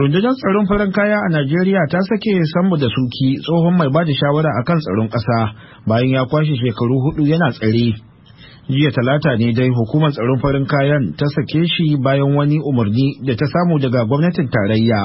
rundunar tsaron farin kaya a najeriya ta sake sambu da suki tsohon mai ba da shawara akan tsaron kasa bayan ya kwashe shekaru hudu yana tsare jiya talata ne dai hukumar tsaron farin kayan ta sake shi bayan wani umarni da ta samu daga gwamnatin tarayya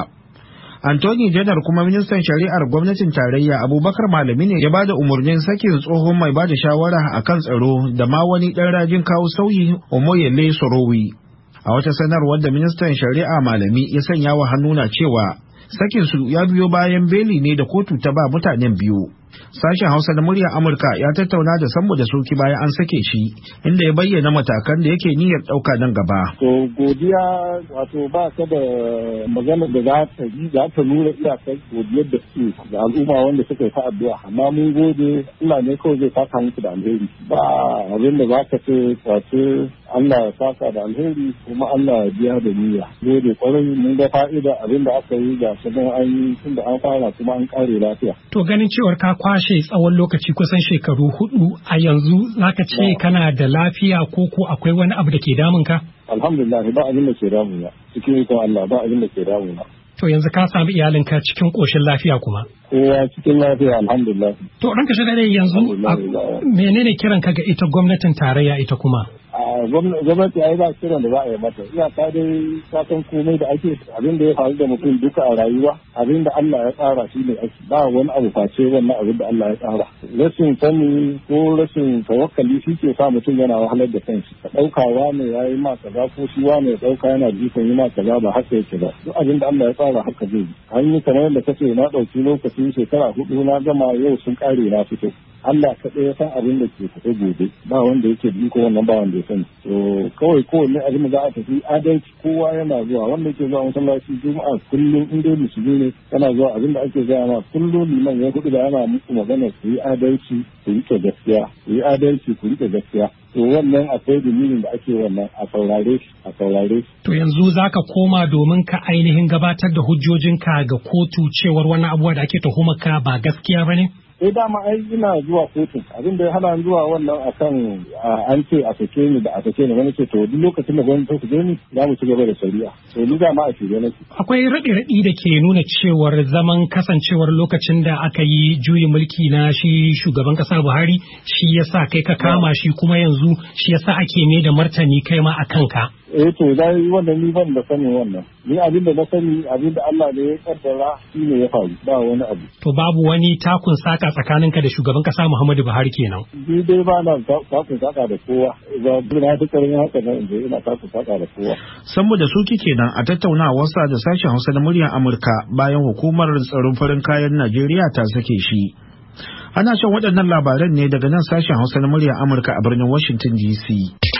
Antony Janar kuma ministan shari'ar gwamnatin tarayya Abubakar Malami ne ya ba da umarnin sakin tsohon mai bada shawara akan tsaro da ma wani ɗan rajin kawo sauyi Omoyele Sorowi. a wata sanarwar da ministan shari'a malami ya sanya wa hannuna cewa cewa sakinsu ya biyo bayan beli ne da kotu ta ba mutanen biyu Sashen Hausa da murya Amurka ya tattauna da sambo da soki bayan an sake shi inda ya bayyana matakan da yake niyyar ɗauka nan gaba. To godiya wato ba ta da magana da za ta yi za ta nuna iyakar godiyar da su da al'umma wanda suka yi ta addu'a amma mun gode Allah ne kawai zai saka musu da alheri ba abin da za ka ce wato Allah ya saka da alheri kuma Allah ya biya da niyya. Gode kwarai mun ga fa'ida abin da aka yi ga shi an yi tun da an fara kuma an kare lafiya. To ganin cewar ka kwashe tsawon lokaci kusan shekaru hudu a yanzu zaka ce kana da lafiya ko ko akwai wani abu da ke damun ka? Alhamdulillah ba abin da ke damuna cikin ikon Allah ba abin da ke damuna. To yanzu ka samu iyalinka cikin ƙoshin lafiya kuma? Kowa cikin lafiya alhamdulillah. To ranka shi dai yanzu menene kiran ka ga ita gwamnatin tarayya ita kuma? gwamnati yi ba kiran da za a yi mata iyaka dai ta san komai da ake abin da ya faru da mutum duka a rayuwa abin da Allah ya tsara shi ne ake ba wani abu face wannan abin da Allah ya tsara rashin sani ko rashin tawakkali shi ke sa mutum yana wahalar da kanshi ka ɗauka ne ya yi ma kaza ko shi wane ya ɗauka yana jifan yi ma kaza ba haka yake ba duk abin da Allah ya tsara haka zai yi an yi kamar yadda kace na ɗauki lokacin shekara hudu na gama yau sun ƙare na fito Allah kaɗai ya san abin da ke kaɗai gobe ba wanda yake da iko wannan ba wanda ya sani to eh, kawai kowanne abin za a tafi adalci kowa yana zuwa wanda yake zuwa masallaci juma'a kullum in dai musulmi ne yana zuwa abin da ake gaya ma kullum liman ya kudu da yana muku magana su yi adalci ku rike gaskiya ku yi adalci ku rike gaskiya to wannan akwai dalilin da ake wannan a saurare a saurare to yanzu za ka koma domin ka ainihin gabatar da hujjojinka ga kotu cewar wani abuwa da ake tuhumar ka ba gaskiya ba ne? sai eh, dama ai ina zuwa kotun abin da ya hana zuwa wannan akan an ce a sake ni da a sake ni wani ce to duk lokacin da gwamnati ta ni za mu ci gaba da shari'a to ni dama a shirye nake akwai raɗi raɗi da ke nuna cewar zaman kasancewar lokacin da aka yi juyin mulki na shi shugaban kasa Buhari shi yasa kai ka kama shi kuma yanzu shi yasa ake mai da martani kai ma a kanka eh to yi wannan ni ban da sani wannan ni abin da na sani abin da Allah ne ya kaddara shi ne ya faru ba wani abu to babu wani takun saka tsakaninka da shugaban kasa Muhammadu Buhari kenan ni dai ba na takun saka da kowa ba na duka karin haka na inda ina takun saka da kowa da su kike nan a tattaunawar sa da sashen Hausa da muryar Amurka bayan hukumar tsaron farin kayan Najeriya ta sake shi ana shan waɗannan labaran ne daga nan sashen Hausa na muryar Amurka a birnin Washington DC